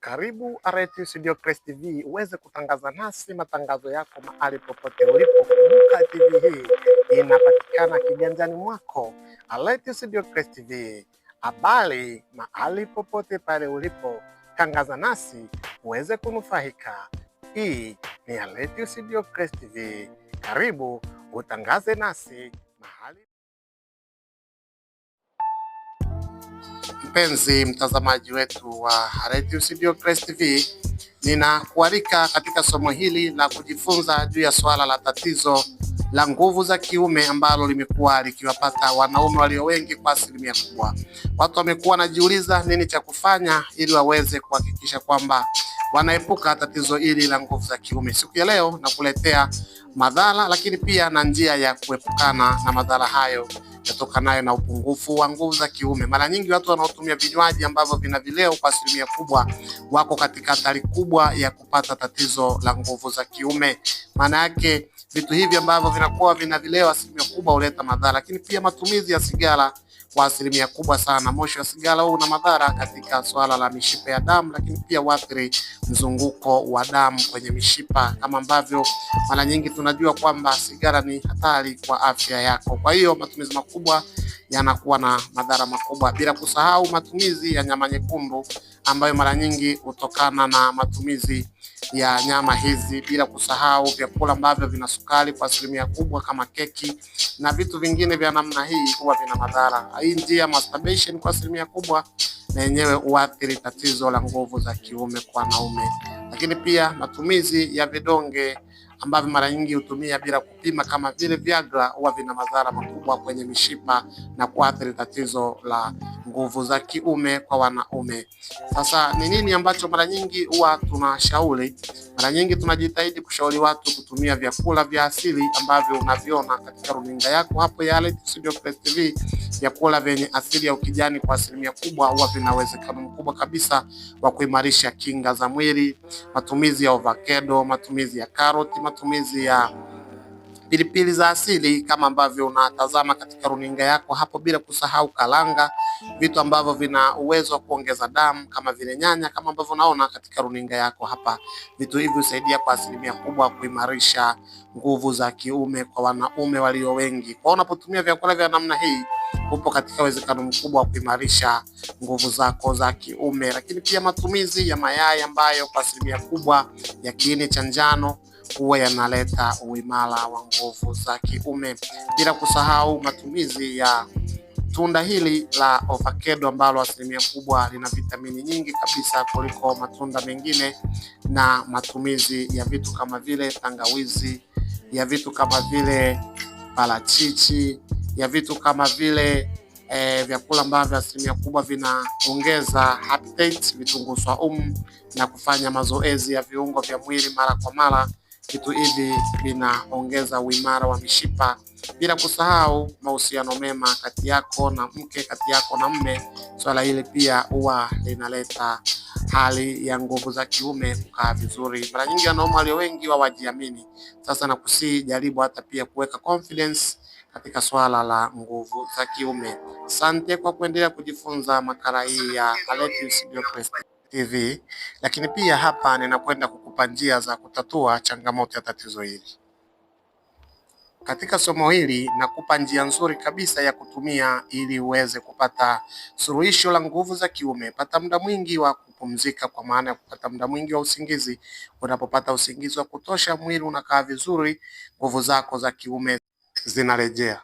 Karibu RT Studio Crest TV uweze kutangaza nasi matangazo yako mahali popote ulipo. Kumbuka TV hii inapatikana kiganjani mwako. RT Studio Crest TV, habari mahali popote pale ulipo, tangaza nasi uweze kunufaika. Hii ni RT Studio Crest TV, karibu utangaze nasi. mpenzi mtazamaji wetu wa Radio Studio Crest TV, ninakualika katika somo hili la kujifunza juu ya swala la tatizo la nguvu za kiume ambalo limekuwa likiwapata wanaume walio wengi kwa asilimia kubwa. Watu wamekuwa wanajiuliza nini cha kufanya ili waweze kuhakikisha kwamba wanaepuka tatizo hili la nguvu za kiume. Siku ya leo nakuletea madhara, lakini pia na njia ya kuepukana na madhara hayo yatokanayo na upungufu wa nguvu za kiume. Mara nyingi watu wanaotumia vinywaji ambavyo vina vileo kwa asilimia kubwa wako katika hatari kubwa ya kupata tatizo la nguvu za kiume. Maana yake vitu hivi ambavyo vinakuwa vina vileo asilimia kubwa huleta madhara, lakini pia matumizi ya sigara kwa asilimia kubwa sana. Moshi wa sigara huu una madhara katika swala la mishipa ya damu, lakini pia huathiri mzunguko wa damu kwenye mishipa, kama ambavyo mara nyingi tunajua kwamba sigara ni hatari kwa afya yako. Kwa hiyo matumizi makubwa makubwa yanakuwa na madhara makubwa, bila kusahau matumizi ya nyama nyekundu ambayo mara nyingi hutokana na matumizi ya nyama hizi, bila kusahau vyakula ambavyo vina sukari kwa asilimia kubwa kama keki na vitu vingine vya namna hii huwa vina madhara. Hii njia masturbation kwa asilimia kubwa na yenyewe huathiri tatizo la nguvu za kiume kwa wanaume, lakini pia matumizi ya vidonge ambavyo mara nyingi hutumia bila kupima kama vile Viagra huwa vina madhara makubwa kwenye mishipa na kuathiri tatizo la nguvu za kiume kwa wanaume. Sasa ni nini ambacho mara nyingi huwa tunashauri? Mara nyingi tunajitahidi kushauri watu kutumia vyakula vya asili ambavyo unaviona katika runinga yako hapo ya Allet Studio Press TV. Vyakula vyenye asili ya ukijani kwa asilimia kubwa huwa vina uwezekano mkubwa kabisa wa kuimarisha kinga za mwili. Matumizi ya avocado, matumizi ya karoti matumizi ya pilipili za asili kama ambavyo unatazama katika runinga yako hapo, bila kusahau kalanga, vitu ambavyo vina uwezo wa kuongeza damu kama vile nyanya, kama ambavyo unaona katika runinga yako hapa. Vitu hivi husaidia kwa asilimia kubwa kuimarisha nguvu za kiume kwa wanaume walio wengi. Kwa unapotumia vyakula vya namna hii, upo katika uwezekano mkubwa wa kuimarisha nguvu zako za kiume. Lakini pia matumizi ya mayai ambayo kwa asilimia kubwa ya kiini cha njano huwa yanaleta uimara wa nguvu za kiume, bila kusahau matumizi ya tunda hili la ovakado ambalo asilimia kubwa lina vitamini nyingi kabisa kuliko matunda mengine, na matumizi ya vitu kama vile tangawizi, ya vitu kama vile parachichi, ya vitu kama vile E, vyakula ambavyo asilimia kubwa vinaongeza appetite, vitunguu swaumu na kufanya mazoezi ya viungo vya mwili mara kwa mara Vitu hivi vinaongeza uimara wa mishipa, bila kusahau mahusiano mema kati yako na mke, kati yako na mme. Swala hili pia huwa linaleta hali ya nguvu za kiume kukaa vizuri. Mara nyingi wanaume walio wengi wajiamini. Sasa nakusii, jaribu hata pia kuweka confidence katika swala la nguvu za kiume. Asante kwa kuendelea kujifunza makala hii ya Aletius Biocrest TV, lakini pia hapa ninakwenda kuwapa njia za kutatua changamoto ya tatizo hili. Katika somo hili nakupa njia nzuri kabisa ya kutumia ili uweze kupata suluhisho la nguvu za kiume. Pata muda mwingi wa kupumzika, kwa maana ya kupata muda mwingi wa usingizi. Unapopata usingizi wa kutosha, mwili unakaa vizuri, nguvu zako za kiume zinarejea.